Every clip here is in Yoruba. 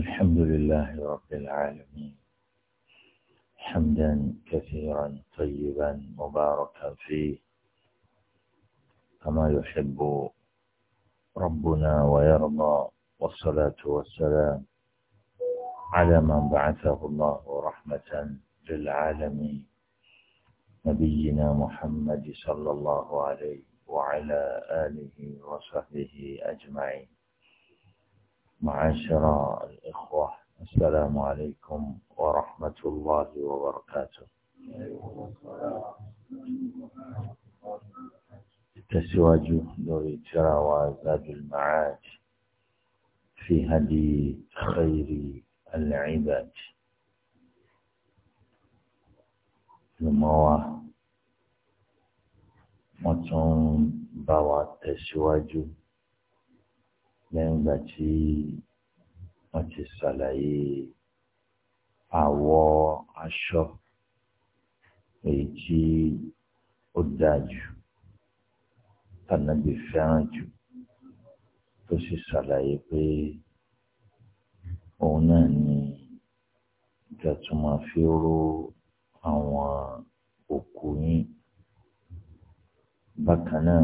الحمد لله رب العالمين حمدا كثيرا طيبا مباركا فيه كما يحب ربنا ويرضى والصلاة والسلام على من بعثه الله رحمة للعالمين نبينا محمد صلى الله عليه وعلى آله وصحبه أجمعين معاشر الإخوة السلام عليكم ورحمة الله وبركاته تسواج دوري ترى وزاد المعاد في هدي خير العباد نموى متون بوا تسواجه lẹ́yìn ìgbà tí wọ́n ti ṣàlàyé àwọ̀ aṣọ èyí tí ó dáa jù tànàbí fẹ́ràn jù tó sì ṣàlàyé pé òun náà ni ìjàtúmọ̀ fi ró àwọn òkú yín bákan náà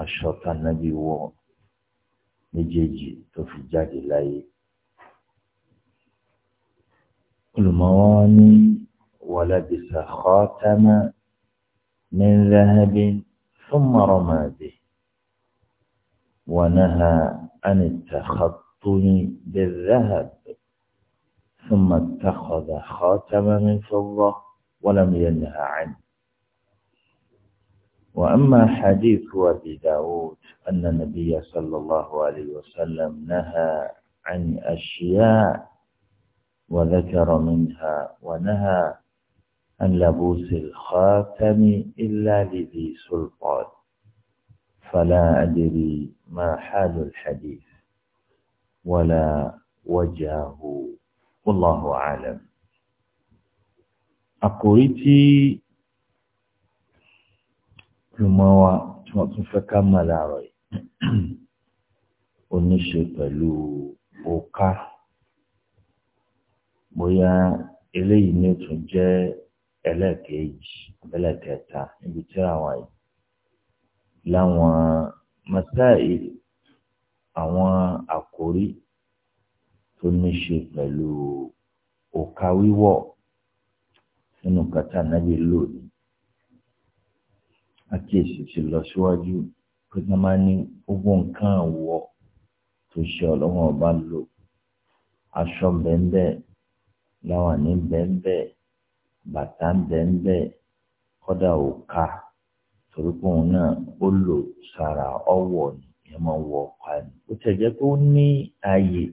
aṣọ tànàbí wọ̀. méjèèjì tó fi jáde láyé. olùmọ̀wọ́ ní wàlábìsà khatama min dhahabin thumma rama bihi wa naha an takhattumi ní ثم اتخذ خاتما yẹn ní ولم ينه عنه وأما حديث أبي داود أن النبي صلى الله عليه وسلم نهى عن أشياء وذكر منها ونهى عن لبوس الخاتم إلا لذي سلطان فلا أدري ما حال الحديث ولا وجهه والله أعلم أقولتي tí wọ́n wá tí wọ́n tún fẹ́ ká mọ̀ láàárọ̀ yìí ó ní ṣe pẹ̀lú òkà bóyá eléyìí ní ó tún jẹ́ ẹlẹ́ẹ̀kejì ẹlẹ́ẹ̀kẹta níbi tí àwọn yìí láwọn mọ́sáì àwọn àkórí tó ní pẹ̀lú òkà wíwọ̀ nínú kàtà náà lè lò ní àkíyèsí ti lọ síwájú pé ká máa ní gbogbo nǹkan àwọ̀ tó ṣe ọlọ́wọ́n ọba lò aṣọ bẹ́ẹ̀nbẹ́ láwàní bẹ́ẹ̀nbẹ́ bàtà bẹ́ẹ̀nbẹ́ kọ́dà òka torí pé òun náà ó lò sára ọwọ́ ni ìyẹn máa wọ ọ̀pá ni ó tẹ̀ pé ó ní ààyè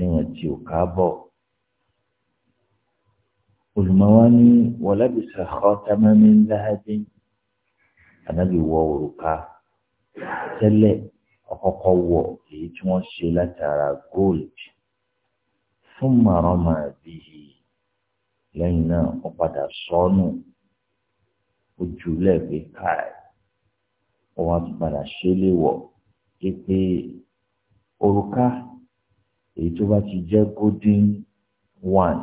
èèyàn tí òka bọ̀ olùmọ̀wá ní wọ́n lábìsà kọ́ tamẹ́mí ńlá ànábì wọ òrùka tẹ́lẹ̀ ọ̀kọ́kọ́ wọ èyí tí wọ́n ṣe látara gold fún màrọ́mà bíi lẹ́yìn náà ó padà sọ́nù ojú lẹ́ẹ̀gbẹ́ káì ó wá tún padà ṣe lè wọ̀ pé òrùka èyí tó bá ti jẹ́ golden one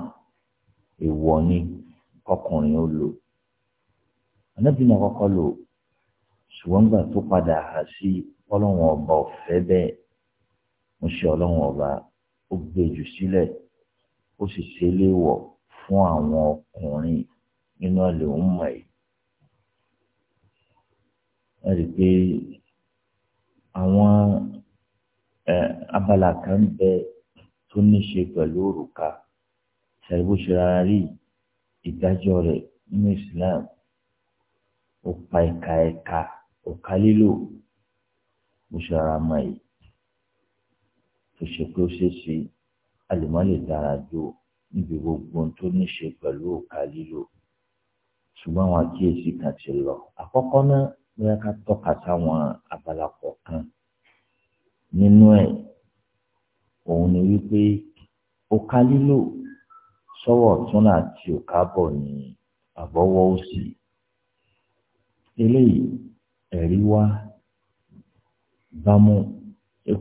èèwọ̀ ni ọkùnrin ó lò ànábì náà kọ́kọ́ lò ṣùgbọ́n gbà tó padà há sí ọlọ́run ọba ọ̀fẹ́ bẹ́ẹ̀ mo ṣe ọlọ́run ọba ó gbé jù sílẹ̀ ó sì ṣe léèwọ̀ fún àwọn ọkùnrin nínú ọ̀lẹ́ òun mọ̀ yìí. wọ́n rí i pé àwọn abala kan bẹ tó ní ṣe pẹ̀lú òrùka ṣàìbó rí ìdájọ́ rẹ̀ nínú Islam ó pa ẹ̀ka ẹ̀ka òkà lílò mo ṣe ara mọ èyí tó ṣe pé ó ṣeé ṣe a lè má lè dára jò níbi gbogbo ohun tó ní ṣe pẹ̀lú òkà lílò ṣùgbọ́n àwọn àkíyèsí kan ti lọ àkọ́kọ́ náà bóyá ká tọ́ka sáwọn abala kọ̀ọ̀kan nínú ẹ̀ òun ni wípé òkà lílò sọ́wọ́ ọ̀tún àti òkà bọ̀ ní àbọ̀wọ́ òsì eléyìí ẹ̀rí wá bámú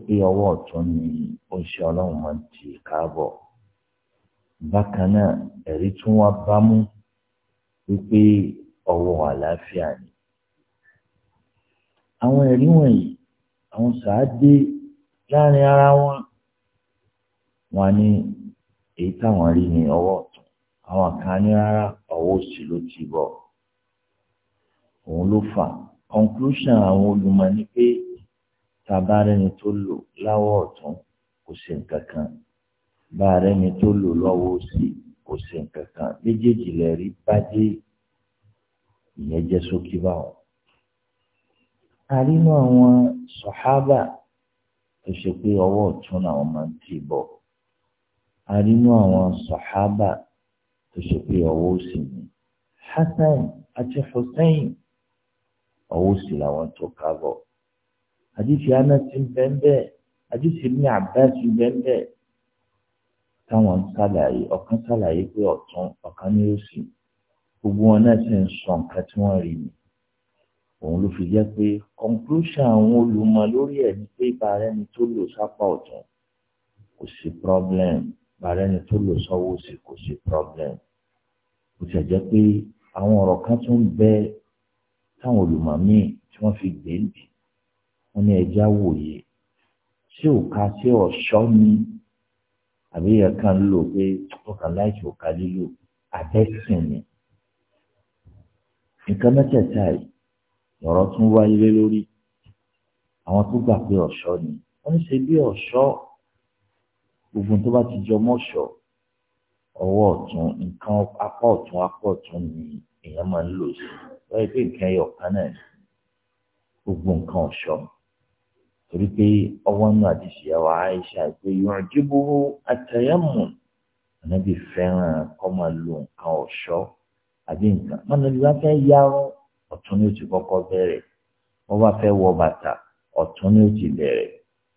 pé ọwọ́ ọ̀tún ni ó ṣe ọlọ́run máa ń ti káàbọ̀ bákan náà ẹ̀rí tún wá bámú wípé ọwọ́ àlàáfíà ni àwọn ẹ̀rí wọ̀nyí àwọn sàádé láàrin ara wọn wọn ní èyí táwọn rí ní ọwọ́ ọ̀tún àwọn kan ní rárá ọwọ́ òsì ló ti bọ̀ òun ló fà á conclusion àwọn olùmọ̀ ni pé tàbá rẹni tó lò láwọ̀ ọ̀tún kò sí nǹkan kan bá rẹni tó lò lọ́wọ́ sí kò sí nǹkan kan méjèèjì lè rí bájé ìyẹn jẹ́ sókè báwọn. àrínú àwọn sọ̀hábà tó ṣe pé ọwọ́ ọ̀tún làwọn máa ń tì bọ̀ àrínú àwọn sọ̀hábà tó ṣe pé ọwọ́ òsì ni Hasan àti Hussein ọwọ́ sì làwọn tó ká bọ̀. àdìsí anásí bẹ́ẹ̀ àdìsí ní àbáṣí bẹ́ẹ̀ táwọn sàlàyé ọ̀kan sàlàyé pé ọ̀tún ọ̀kan ní òsì gbogbo wọn náà sì ń sọ nǹkan tí wọ́n rí ni òun ló fi jẹ́ pé conclusion àwọn olùmọ̀ lórí ẹ̀ ni pé ìbárẹni tó lò sápá ọ̀tún kò sí problem ìbárẹni tó lò sọ́wọ́ sí kò sí problem kò sì jẹ́ pé àwọn ọ̀rọ̀ kan tún bẹ́ẹ̀ táwọn olùmọ̀ míì tí wọ́n fi gbé bì wọ́n ní ẹja wòye ṣé òka ṣé ọ̀ṣọ́ ni àbí yẹn kan ń lò pé ọkàn láìsí òka lílò àtẹ́sìn ni. nǹkan mẹ́tẹ̀ẹ̀ta yìí lọ̀rọ̀ tún wáyé lé lórí àwọn tó gbà pé ọ̀ṣọ́ ni wọ́n ń ṣe bí ọ̀ṣọ́ gbogbo tó bá ti jọ mọ́ṣọ́ ọwọ́ ọ̀tún nǹkan apá ọ̀tún apá ọ̀tún ni èèyàn máa ń lò sí i lọ́yẹ̀ pé nǹkan ẹyọ kan náà ni gbogbo nǹkan ọ̀ṣọ́ torí pé ọwọ́ náà ti ṣìyàwó Aisha pé yu'jibu at-tayammun ànábì fẹ́ràn kọ́ máa lo nǹkan ọ̀ṣọ́ àbí nǹkan mọ́nàbí wá fẹ́ yarun ọ̀tún ni ó ti kọ́kọ́ bẹ̀rẹ̀ wọ́n bá fẹ́ wọ bàtà ọ̀tún ni ó ti bẹ̀rẹ̀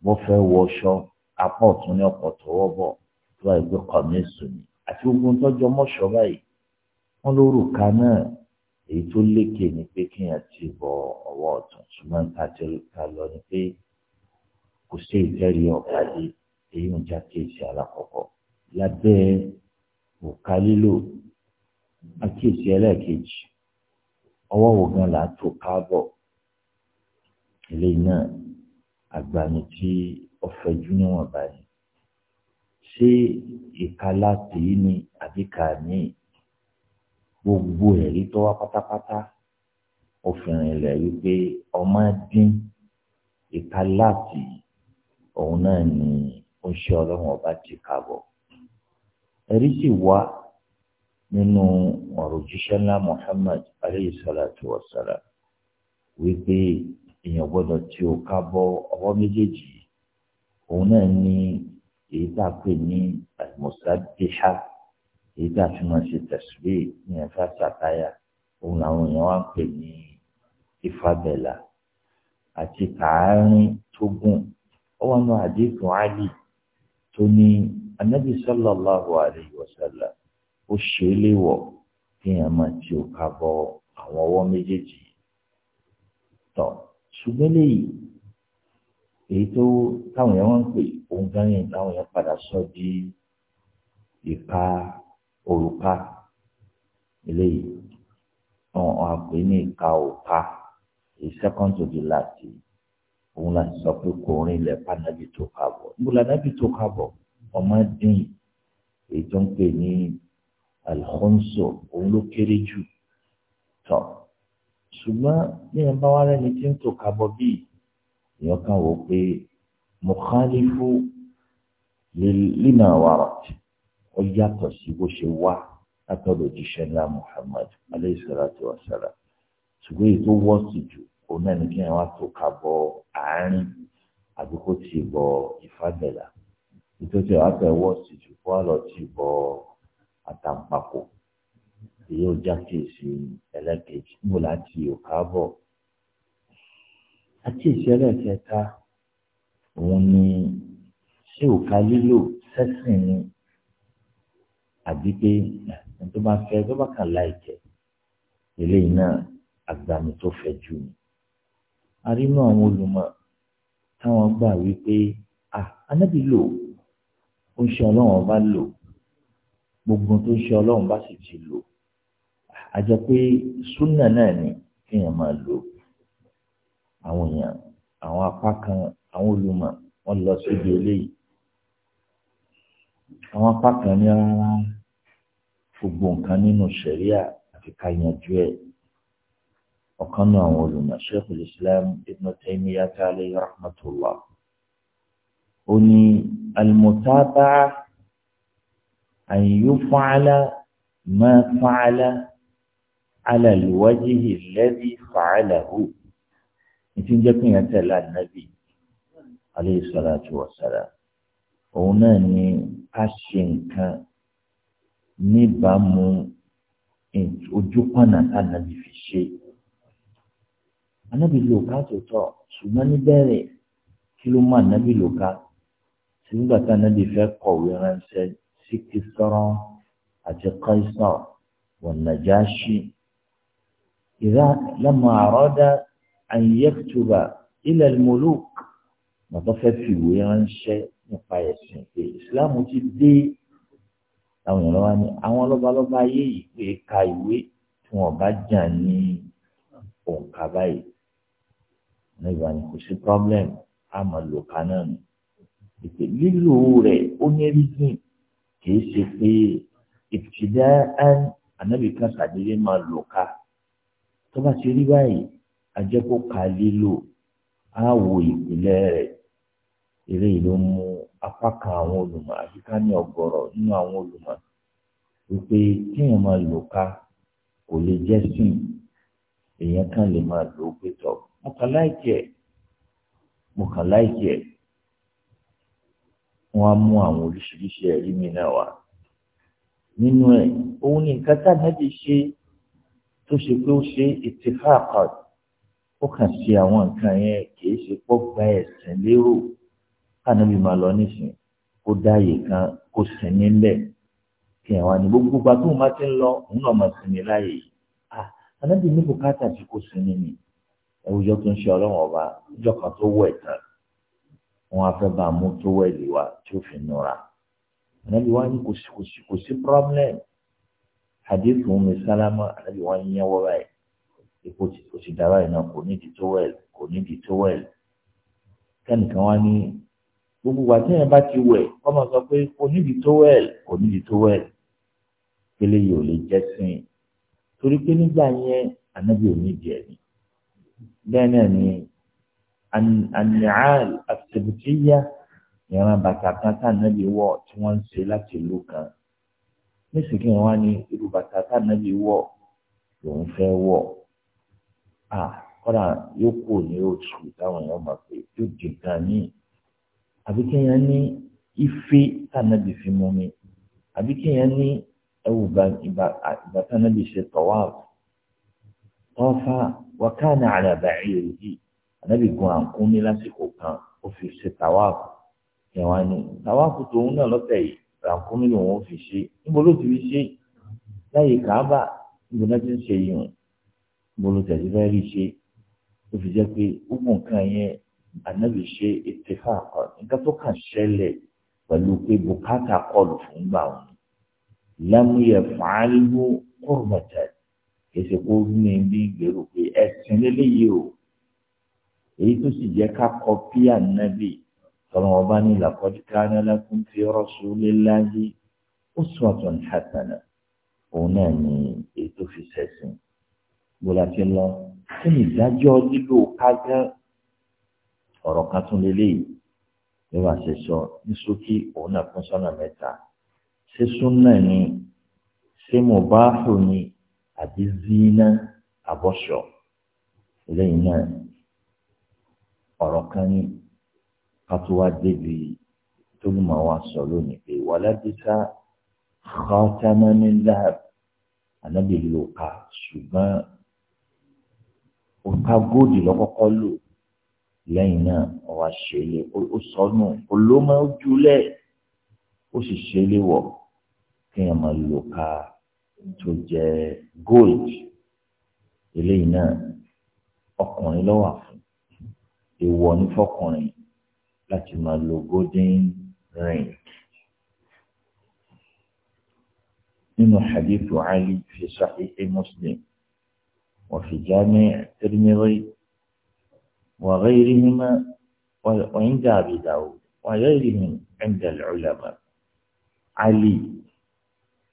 wọ́n fẹ́ wọṣọ apá ọ̀tún ní ọkọ̀ tọwọ́ bọ̀ tó wà ìgbé kọ̀mẹ́sù ni àti gbogbo ń tọ́jú ọmọṣọ báyìí wọ́n lórúkà náà èyí tó lékè ni pé kéèyàn ti bọ ọwọ́ ọ̀tún ṣùgbọ́n ta ti ta lọ ni pé kò sí ìtẹ́rí ọ̀kadì èyí ń já kéèsì alákọ̀ọ́kọ́ lábẹ́ òkà lílò àkíyèsí ẹlẹ́ẹ̀kejì ọwọ́ wo gan là á tó káàbọ̀ eléyìí náà àgbàní tí ọ̀fẹ́jú níwọ̀n báyìí ṣé ìka láti yìí ni àbíkà míì gbogbo ẹ̀rí tó wá pátápátá òfin ilẹ̀ wípé ọmọ dín ìka láti òun náà ni ó ń ṣe ọlọ́run ọba ti kàbọ̀. ẹ̀rí sì wá nínú ọ̀rọ̀ òjíṣẹ́ ńlá Muhammad aleyhi salatu wa salam wípé èèyàn gbọ́dọ̀ tí ó kábọ̀ ọwọ́ méjèèjì òun náà ní èyí tá a pè ní àìmọ̀sá déṣáà èyí tá a fi máa ṣe tẹ̀síbí ní ẹ̀fà sàtáyà òun làwọn èèyàn wá ń pè ní ìfàbẹ̀là àti kàárín tó gùn ó wà nù àdéhùn Àlì tó ní anábì sallallahu alayhi wa sallam ó ṣe é léwọ̀ kí èèyàn máa ti òkà bọ àwọn ọwọ́ méjèèjì tọ̀ ṣùgbọ́n léyìí èyí tó táwọn èèyàn wọ́n ń pè òun gan yẹn táwọn èèyàn padà sọ di ìka òrùka eléyìí wọn á pè ní ìka òka èyí second to the last yìí òun la sọ pé kò rìn ilẹ̀ pànàbí tó kà bọ̀ níbo la nàbí tó kà bọ̀ ọmọ dín èyí tó ń pè ní alhonso òun ló kéré jù tọ̀ ṣùgbọ́n ní ẹ̀ bá wá rẹ́ni tí ń tò ká bíi èèyàn kan wò ó pé mukhalifu lima warat ó yàtọ̀ sí bó ṣe wá látọ̀dọ̀ òjíṣẹ́ ńlá Muhammad alayhi salatu wa salam ṣùgbọ́n èyí tó wọ́ọ̀sì jù òun náà ní kí wọ́n tó ka bọ àárín àbí kó ti bọ ìfàgbẹ̀là ìtòtí àwọn àgbẹ̀ wọ́ọ̀sì jù kó wà lọ ti bọ àtàǹpàkò èyí ó jákèsí ẹlẹ́kejì níbo láti òkà bọ̀ àti ìṣẹ̀lẹ̀ kẹta òun ni ṣé òkà lílò sẹ́sìn ni àbí pé ẹni tó bá fẹ́ tó bá kàn láìjẹ́ eléyìí náà agbami tó fẹ́ jù ní. a rí inú àwọn olùmọ̀ táwọn gbà wípé à anábì lò ó ń ṣe ọlọ́run bá lò gbogbo tó ń ṣe ọlọ́run bá sì ti lò a jẹ́ pé súnà náà ni kéèyàn máa lò àwọn èèyàn àwọn apá kan àwọn olùmọ̀ wọ́n lọ síbi eléyìí àwọn apá kan ní rárá gbogbo nǹkan nínú ṣẹ̀ríà àti ká yanjú ẹ̀ ọ̀kan náà àwọn olùmọ̀ Sheikhul Islam Ibn Taymiyyah alayhi rahmatullah ó ní al-mutaba'a an yuf'ala ma fa'ala ala al-wajhi ìtìjẹ́ pé yẹn tẹ̀lé salatu wa salam òun náà ni ká ṣe nǹkan níbàámu ojú pọ̀nà tánàbí fi ṣe. Anábì lò ká tòótọ́ ṣùgbọ́n níbẹ̀rẹ̀ kí ló mú anábì lò ká sí nígbà tí anábì fẹ́ kọ̀wé ránṣẹ́ sí Kísọ́rọ́ àti Kaisar wa Najashi. Ìdá lọ́mọ àrọ́dá an yaktuba ila màtọ́ fẹ́ fìwé ránṣẹ́ nípa ẹ̀sìn pé ìsìláàmù ti dé àwọn èèyàn lọ́wọ́ ni àwọn lọ́balọ́ba ayé yìí pé ka ìwé tí wọ́n bá jà ní òǹkà báyìí nígbà ní kò sí problem a máa lò ká náà nù ìpè lílo rẹ̀ ó ní rígìn kì ṣe pé ìtìdá ànábì kan ṣàdédé máa lò ká tó bá ti rí báyìí ajẹ́kọ̀ọ́ ka lílo á wo ìpìlẹ̀ rẹ̀ eléyìí ló mú apá kan àwọn olùmọ̀ àti ká ní ọ̀gọ̀rọ̀ nínú àwọn olùmọ̀ wípé kíyàn máa lò ká kò lè jẹ́ sìn èèyàn kan lè máa lò ó pé tọ̀ mo kàn láìkí ẹ̀ mo kàn láìkí ẹ̀ wọ́n á mú àwọn oríṣiríṣi ẹ̀rí mi náà wá nínú ẹ̀ òun ni nǹkan tá ànábì ṣe tó ṣe pé ó ṣe ìtìfáàkà ó kàn ṣe àwọn nǹkan yẹn kì í ṣe pọ́ gba ẹ̀sìn lérò kánábì máa lọ nísìnyí kó dáàyè kan kó sinmi ńlẹ̀ kí àwọn àni gbogbo gba tó máa ti ń lọ òun náà máa sinmi láàyè yìí ah, à kánábì ní bùkátà tí kò sinmi ni ẹwùjọ tó ń ṣe ọlọ́wọ́n ọba ìjọ kan tó wọ̀ ẹ̀tàn wọn á fẹ́ bá a mú tó wọ̀ ẹ̀lì wa tí ó fi nura kánábì wá ní kò sí kò sí kò sí problem hadith Ummu Salama kánábì wá ń yẹ́wọ́ báyìí ipò tí ó ti dára yìí náà kò nídìí tó wọ̀ kò nídìí tó wọ̀ kẹ́nìkan wá ní gbogbo wa tẹ́yìn bá ti wẹ̀ ọmọ sọ pé kò nídìí towel kò nídìí towel kele yìí ò lè jẹ́ sìn torí pé nígbà yẹn ànábì ò ní jẹ ni bẹ́ẹ̀ náà ni anial asèbùtíyà ìran bàtà kan tànàbí wọ̀ tí wọ́n ń ṣe láti ìlú kan nísìnyí wọn ni irú bàtà tànàbí wọ̀ lòun fẹ́ wọ̀ à kọ́dà yóò kú ní oṣù táwọn èèyàn mọ̀ pé yóò dìgbà míì àbí kéèyàn ní ife tànàbì fi mú mi àbí kéèyàn ní ẹwù ìgbà tànàbì ṣe tawaf tọ́fà wákàna ala ba'irihi ànábì gun àǹkúnmí lásìkò kan ó fi ṣe tawaf ẹ̀wọ̀n ni tawaf tòun náà lọ́tẹ̀ yìí ràǹkúnmí lòun ó fi ṣe níbo ló ti fi ṣe láyé kàábà níbo náà ti ń ṣe yìí níbo ló tẹ̀síwájú rí ṣe ó fi jẹ́ pé ó gùn kan yẹn ànábì ṣe ìtẹ̀fà kan nǹkan tó kàn ṣẹlẹ̀ pẹ̀lú pé bùkátà kọlù fún gbà wọn lámúyẹ fàálù kọrùmọ̀tà èsì kó ní bí gbèrò pé ẹ̀sìn lélẹ́yìí o èyí tó sì jẹ́ ká kọ pí ànábì tọ́lọ́ ọba ní làkọ́díkà lakum fi rasulillahi uswatun hasana òun náà ní èyí tó fi ṣẹ̀sìn gbọ́dọ̀ ti lọ kí ni ìdájọ́ lílo kágán ọ̀rọ̀ kan tún lélẹ́yìí bí wàá ṣe sọ ní ṣókí òun náà kún sọ́nà mẹ́ta ṣé súnà ni ṣé mùbáhù ni àbí zina àbọ̀ṣọ lẹ́yìn náà ọ̀rọ̀ kan ní kátówá débi tó mọ̀ wá sọ lónìí pé wàládìsá xọ́tàmánilá ànábìlú ká ṣùgbọ́n òǹkà góòdì lọ́kọ́kọ́ lò lẹ́yìn náà ọwọ́ àṣẹlẹ̀ ó sọnù olómọ ojúlẹ̀ ó sì ṣẹlẹ̀ wọ̀ kéèyàn máa lò ká tó jẹ gold eléyìí náà ọkùnrin ló wà fún èèwọ̀ ní fọkùnrin láti máa lo golden ring. nínú hadithu Ali fi Sahih Muslim wọ́n fi jámẹ́ Tirmidhi. وغيرهما وعند أبي داود وغيرهم عند العلماء علي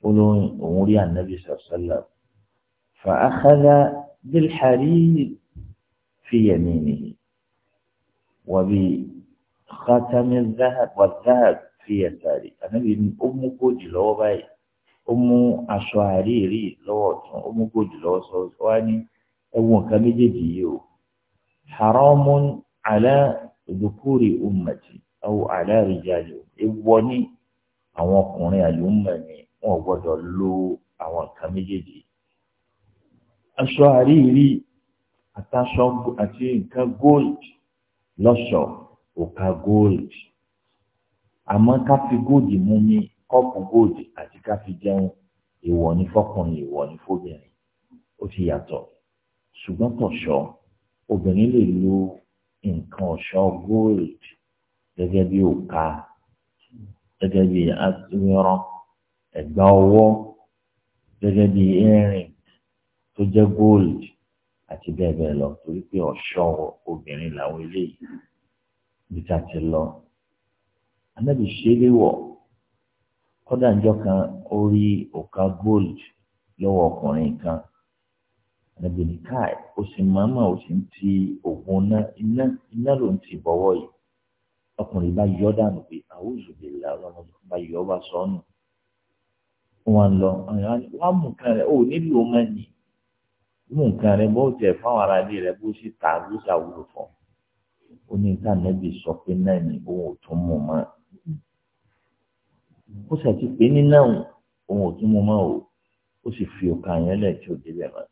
قولوا أمور النبي صلى الله عليه وسلم فأخذ بالحرير في يمينه وبخاتم الذهب والذهب في يساره النبي أم كوجي لو باي أم أشواريري لو أم كوجي لو سواني أم كمجي ديو haramun ala dukuri ummati aw ala rijali ewọ ní àwọn ọkùnrin àlùmọ̀ ni wọn gbọ́dọ̀ lo àwọn nǹkan méjèèjì aṣọ àríyìí àtàṣọ àti nǹkan gold lọ́ṣọ̀ òka gold àmọ́ ká fi gold mú mi kọ́ọ̀pù gold àti ká fi jẹun ìwọ ní fọkùnrin ìwọ ní fóbìnrin ó ti yàtọ̀ ṣùgbọ́n tọ̀ṣọ́ obìnrin lè lo nǹkan ọ̀ṣọ́ gold gẹ́gẹ́ bí òka gẹ́gẹ́ bí atúnyọ́rọ́ ẹ̀gbà ọwọ́ gẹ́gẹ́ bí earring tó jẹ́ gold àti bẹ́ẹ̀ bẹ́ẹ̀ lọ torí pé ọ̀ṣọ́ obìnrin làwọn eléyìí bí ká ti lọ. anábì ṣe é léwọ̀ kódà níjọ́ kan ó rí òka gold lọ́wọ́ ọkùnrin kan ànábì ní káì ó sì mọ̀ọ́mọ̀ ó sì ń ti òògùn náà iná iná ló ń ti bọ́wọ́ yìí ọkùnrin bá yọ dànù pé àwùjọ lè la ọlọ́run bá yọ wá sọ́nù wọn lọ wọn mú nǹkan rẹ ò nílò mọ́ ni mú nǹkan rẹ bó tẹ fáwọn ará ilé rẹ bó sì tà ló ṣàwùrọ̀ fún ó ní ká sọ pé náà ni òun ò tún mú mọ́ ó ṣàtìpé ní òun ò tún mú mọ́ o ó sì fi òkà yẹn lẹ̀ tí ò débẹ̀ mọ́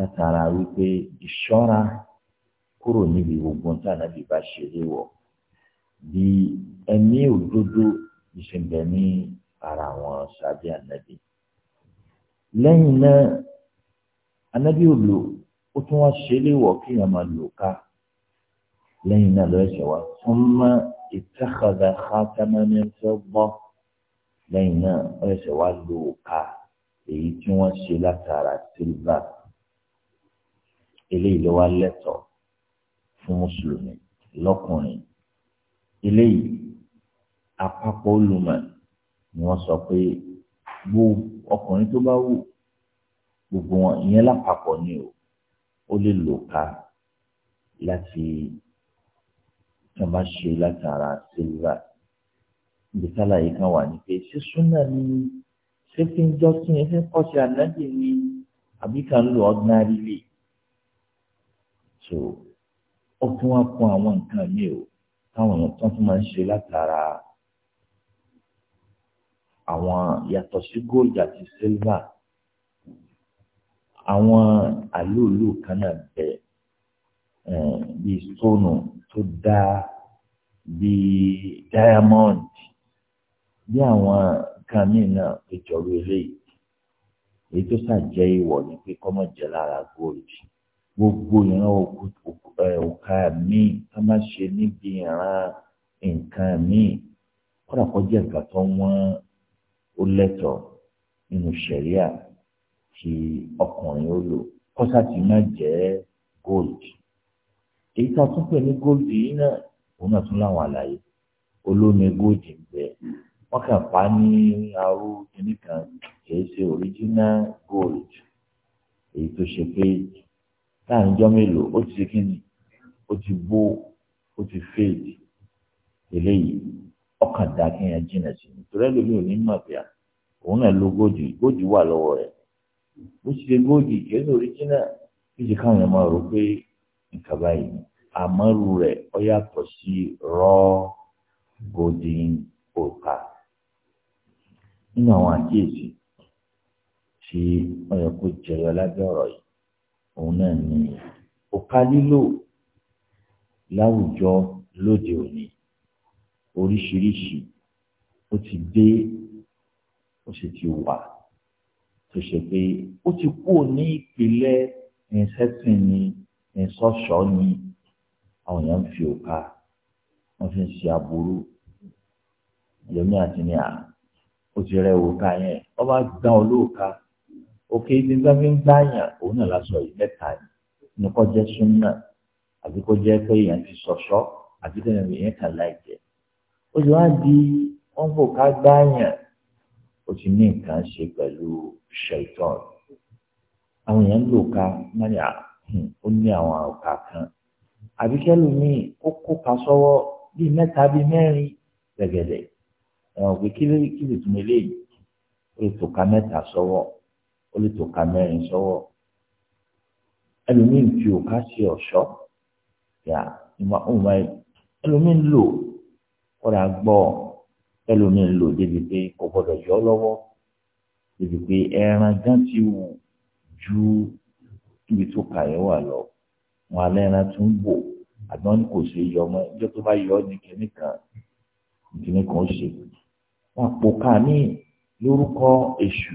látara wípé ìṣọ́ra kúrò níbi gbogbo tí ànábì bá ṣe léwọ̀ bí ẹ̀mí òdodo ìṣẹ̀bẹ̀ ní ara wọn sábẹ́ ànábì. lẹ́yìn náà ànábì ò lò ó tún wá ṣe léwọ̀ kí èèyàn máa lò ká lẹ́yìn náà lọ́ọ́ ṣẹ̀wá fún mọ́ ìtẹ́kọ̀dà kátámẹ́mẹ́tẹ́ gbọ́ lẹ́yìn náà lọ́ọ́ ṣẹ̀wá lò ká èyí tí wọ́n ṣe látara sílvà eléyìí ló wá lẹ́tọ̀ọ́ fún mùsùlùmí lọ́kùnrin eléyìí àpapọ̀ olùmọ̀ ni wọ́n sọ pé gbogbo ọkùnrin tó bá wù gbogbo wọn ìyẹn lápapọ̀ ni o ó lè lò ká láti tí bá ṣe látara sílvà ìgbésàlà yìí kan wà ní pé ṣé súnà ni ṣé fi ń jọ́sìn ẹ fi ń kọ́ sí ànágbè ni àbí kan lò ordinary league so ó tún wá kún àwọn nǹkan mi o táwọn èèyàn tán tún máa ń ṣe látara àwọn yàtọ̀ sí gold àti silver àwọn àlòlù kan náà bẹ eh, bíi stone tó dá bíi diamond bí àwọn nǹkan míì náà tó jọrú eléyìí èyí tó ṣàjẹ́ ìwọ̀ ni pé kọ́mọ̀jẹ́ lára gold gbogbo ìran òkà míì ká má ṣe níbi ìran nǹkan míì kódà kọjá nǹkan tó wọ́n ó lẹ́tọ̀ọ́ nínú ṣẹ̀ríà tí ọkùnrin ó lò kọ́sà tí má jẹ́ gold èyí tá a tún pè ní gold yìí náà òun náà tún láwọn àlàyé olómi gold ń bẹ wọn kàn pa ní aró kìnnìkan kìí ṣe original gold èyí tó ṣe pé láàrin ọjọ́ mélòó ó ti ṣe kí ni ó ti bó ó ti fèèdì eléyìí ọkàn dá kí yẹn jìnà sí i torí ẹlòmíì ò ní mọ̀ bí òun náà lo góòjì góòjì wà lọ́wọ́ rẹ̀ bó ṣe góòjì kìí sọ oríjìnà kí ṣe káwọn yẹn máa rò pé nǹkan báyìí àmọ́rù rẹ̀ ọ yàtọ̀ sí rọ́ òkà nínú àwọn àkíyèsí tí wọ́n yẹ kó jẹyọ òun náà ni òka lílò láwùjọ lóde òní oríṣiríṣi ó ti dé ó sì ti wà tó ṣe pé ó ti kú ní ìpìlẹ̀ ìṣẹ́sìn ni ìṣọ́ṣọ́ ni àwọn èèyàn ń fi òka wọ́n fi ń ṣe aburú ẹlòmíràn ti ní à ó ti rẹ òka yẹn wọ́n bá gbá olóòka òkè ibi tí wọ́n fi ń gbáyàn òun náà lásọ yìí mẹ́ta yìí ní kó jẹ́ súnà àbí kó jẹ́ pé èèyàn ti sọ̀sọ́ àbí kó jẹ́ èèyàn kà láìjẹ́ ó sì wá di wọ́n kò ká gbáyàn ó ti ní nǹkan ṣe pẹ̀lú ṣẹ̀tọ́n àwọn èèyàn lò ká mọ́nìyà ó ní àwọn àwòká kan àbí kẹ́lòmíì ó kópa sọ́wọ́ bíi mẹ́ta bíi mẹ́rin gẹ̀gẹ̀dẹ̀ ẹ̀wọ̀n pé kí lè tún eléyìí ó lè tò ká mẹ́ta sọ́wọ́ ó lè tó ka mẹ́rin sọ́wọ́ ẹlòmíín fi òka ṣe ọ̀ṣọ́ yà ìmọ̀ ọ̀hún ẹlòmíín lò kọ́ra gbọ́ ẹlòmíín lò débi pé kò gbọ́dọ̀ yọ ọ́ débi pé ẹran gán ti wù ju ibi tó kà yẹn wà lọ wọn alẹ́ ẹran tún bò àgbọn kò ṣe yọ ọmọ ẹjọ́ tó bá yọ ọ́ ní kinní kan kinní kan ó ṣe wọn àpò ká ní lórúkọ èṣù.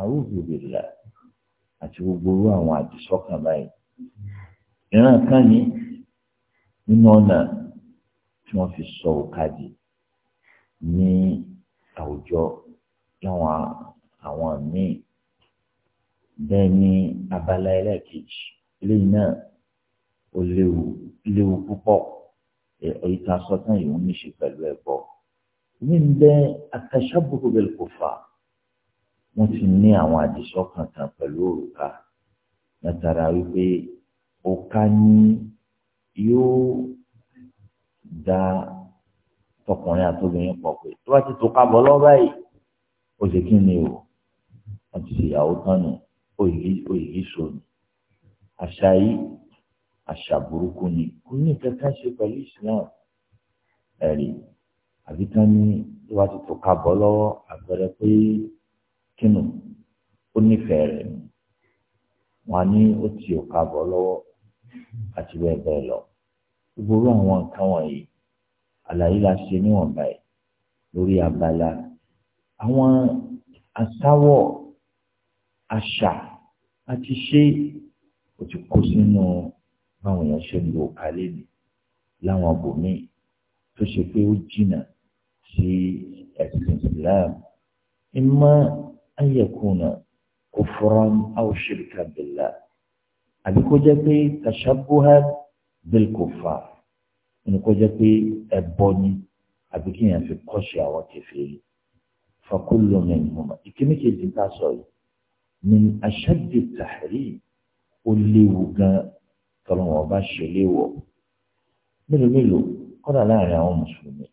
àwùjọbìlà àti gbogbo orú àwọn àdìsọ́kàn báyìí ìran kan ní nínú ọ̀nà tí wọ́n fi sọ òkàdì ní àwùjọ láwọn àwọn míì bẹ́ẹ̀ ni abala ẹlẹ́ẹ̀kejì eléyìí náà ó léwu léwu púpọ̀ èyí tá a sọ tán yìí ń níṣe pẹ̀lú ẹ̀bọ. ní bẹ́ẹ̀ atashabuhu bil kuffar wọ́n ti ní àwọn àdìsọ́kàn kan pẹ̀lú òrùka látara wípé òka ní yóò da tọkùnrin àtobìnrin pọ̀ pé tó bá ti tó kábọ̀ lọ́wọ́ báyìí ó ṣe kí ni o wọ́n ti ṣe ìyàwó tán nù òyìí sọnù àṣà yìí àṣà burúkú ni kò ní kankan ṣe pẹ̀lú Islam ẹ̀rí àbí ní tó bá ti tó kábọ̀ lọ́wọ́ àpẹẹrẹ pé kínú ó nífẹ̀ẹ́ rẹ̀ ni wọn á ní ó ti òkà bọ̀ lọ́wọ́ àti bẹ́ẹ̀ bẹ́ẹ̀ lọ gbogbo àwọn nǹkan wọ̀nyí àlàyé la ṣe níwọ̀nba yìí lórí abala àwọn asáwọ̀ àṣà àti ṣe ó ti kó sínú báwọn èèyàn ṣe ń lo òkàlẹ́ ni láwọn abòmíì tó ṣe pé ó jìnnà sí ẹ̀sìn Islam ìmọ̀ an yakuna kufran aw shirka billah àbí kó jẹ́ pé tashabuha bil kuffar ní kó jẹ́ pé ẹ̀bọ ni àbí kí yẹn fi kọ́ṣe àwọn kẹfìrí fa kullu minhuma ìkíní kejì ká sọ yìí min ashaddi tahrim ó léwu gan tọ́lọ́wọ́n bá ṣe léwọ̀ mélòó mélòó kọ́dà láàrin àwọn mùsùlùmí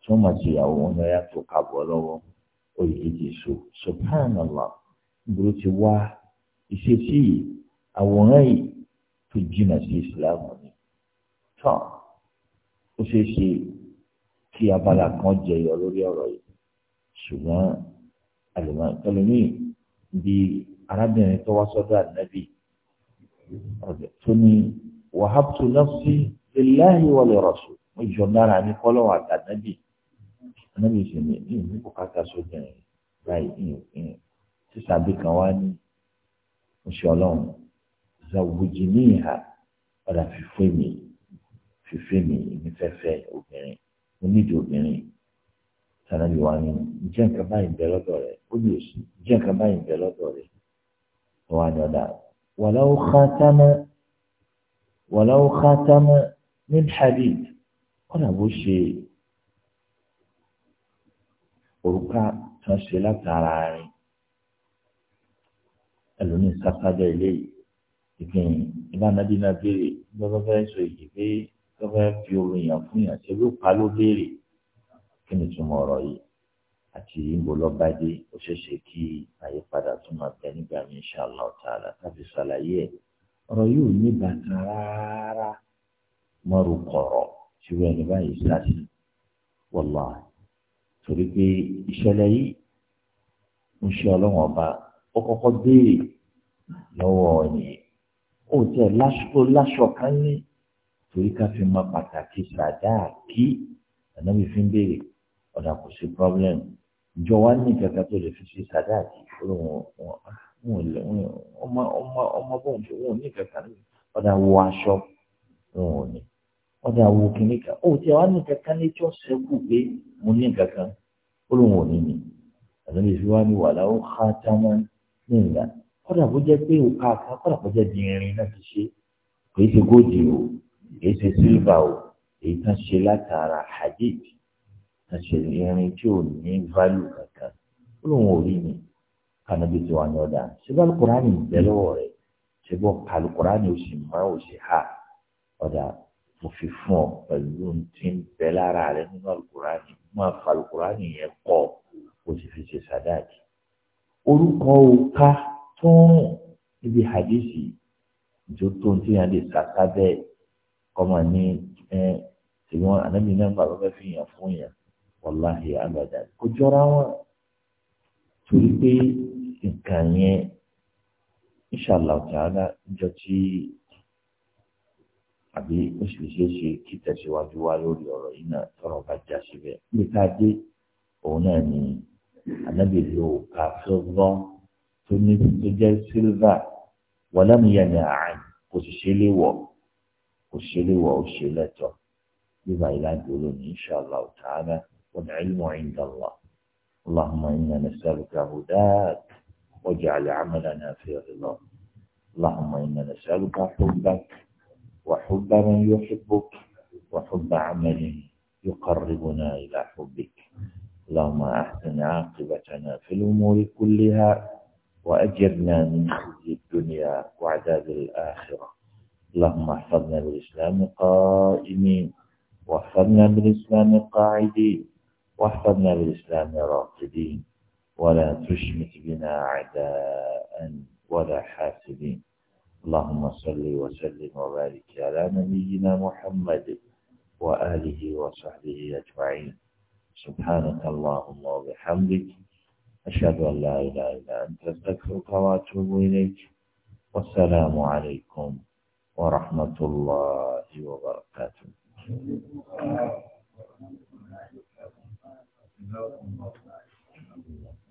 tí wọ́n máa ti ìyàwó wọn lọ́yà tó kàbọ̀ lọ́wọ́ oyè kejì so subhanallah gbòòrò ti wá ìṣesí yìí àwòrán yìí tó jìnnà sí islam ni tọ́ ó ṣeé ṣe kí abala kan jẹyọ lórí ọ̀rọ̀ yìí ṣùgbọ́n àlùmọ́ ẹlòmíì bí arábìnrin tó wá sọ́dọ̀ ànábì tó ní wàhábùtù nafsi lillahi wa li rasul mo jọ nára ní fọlọ́wọ́ àtànábì anábì sì ní ìyìn ní bùkátà sóbìnrin báyìí ìyìn ìyìn sísà bí kan wá ní oṣù ọlọ́run zawuji ní ìhà ọ̀dà fífẹ́ mi fífẹ́ mi èmi fẹ́fẹ́ obìnrin onídìí obìnrin sanabi wa ni ǹjẹ́ nǹkan báyìí bẹ lọ́dọ̀ rẹ̀ ó lè sùn ǹjẹ́ nǹkan báyìí bẹ lọ́dọ̀ rẹ̀ wà ní ọ̀dà wàláwó xátánà wàláwó xátánà ní hadith kọ́nà bó ṣe òrùka kan ṣe látara rìn ẹlòmíín sáfájọ eléyìí ìgbìn ìbánábí náà béèrè lọ́wọ́ fẹ́ sọ èyí pé lọ́wọ́ fi orin yàn fún yàn ṣe ló pa ló béèrè kí ni túmọ̀ ọ̀rọ̀ yìí àti ìbò lọ́bàdé ó ṣeéṣe kí àyípadà tún máa bẹ nígbà mí insha Allah ta'ala tàbí ṣàlàyé ẹ̀ ọ̀rọ̀ yóò ní bàtà rárá mọ́rùkọ̀rọ̀ tí wọ́n ẹni báyìí sá sí torí pé ìṣẹ̀lẹ̀ yìí ń ṣe ọlọ́wọ́n ọba ó kọ́kọ́ béèrè lọ́wọ́ ẹ̀yìn ó tẹ̀ láṣọ láṣọ kan ní torí ká fi mọ pàtàkì sàdáà kí ànábì fi ń béèrè ọ̀dà kò sí pọ́blẹ́mù ìjọ wa ní kankan tó lè fi ṣe sàdáà kí ah, ọmọ bóun ṣe wọn ní kankan ọ̀dà wo aṣọ wọn ò ní ọ̀dà wo kìnnìkan ó tẹ̀ wá ní kankan ní tí ó ṣẹ́kù pé mo ní kankan ó lóun ò ní ní àtúndì fi wá ní wàhálà ó ká támá ní ìlà kódà bó jẹ́ pé òkà ká kódà bó jẹ́ di irin náà ti ṣe kì í ṣe góòdì o kì í ṣe sílvà o èyí tán ṣe látara hadith tán ṣe irin tí ò ní válù kankan ó lóun ò kanabi tí wà ní ọ̀dà ṣùgbọ́n alukurani ń bẹ rẹ̀ ṣùgbọ́n alukurani ò sì máa ò ha ọ̀dà mo fi fún ọ pẹ̀lú ti ń bẹ lára rẹ nínú alukurani máa fa alukurani yẹn kọ o sì fi ṣe sàdáàkì orúkọ òka tó ń rùn níbi hadisi ìjọ tó ń tíyan lè sàkà bẹ́ẹ̀ kọ́mọ ní ẹ tìwọ́n anábì náà bàbá bẹ́ẹ̀ fi yàn fún yàn wàláhì abàdà kò jọra wọn torí pé nǹkan yẹn inṣàlá ọ̀tá ọ̀la ìjọ tí àbí ó sì ṣe é ṣe kí tẹ̀síwájú wá lórí ọ̀rọ̀ yìí náà tọrọ bá já síbẹ̀ bí ká dé òun náà ni ànábì lo òkà tó rán tó ní tó jẹ́ sílvà wọlé àárín kò sì ṣe é léwọ̀ kò ṣe é léwọ̀ ó ṣe lẹ́tọ̀ọ́ بما يلعب إن شاء الله تعالى والعلم عند الله اللهم إنا نسألك هداك واجعل عملنا في رضاك اللهم إنا نسألك حبك وحب من يحبك وحب عمل يقربنا إلى حبك اللهم أحسن عاقبتنا في الأمور كلها وأجرنا من خزي الدنيا وعذاب الآخرة اللهم احفظنا بالإسلام قائمين واحفظنا بالإسلام قاعدين واحفظنا بالإسلام راقدين ولا تشمت بنا عداء ولا حاسدين اللهم صل وسلم وبارك على نبينا محمد وآله وصحبه أجمعين سبحانك اللهم وبحمدك أشهد أن لا إله إلا أنت أستغفرك وأتوب إليك والسلام عليكم ورحمة الله وبركاته Thank you.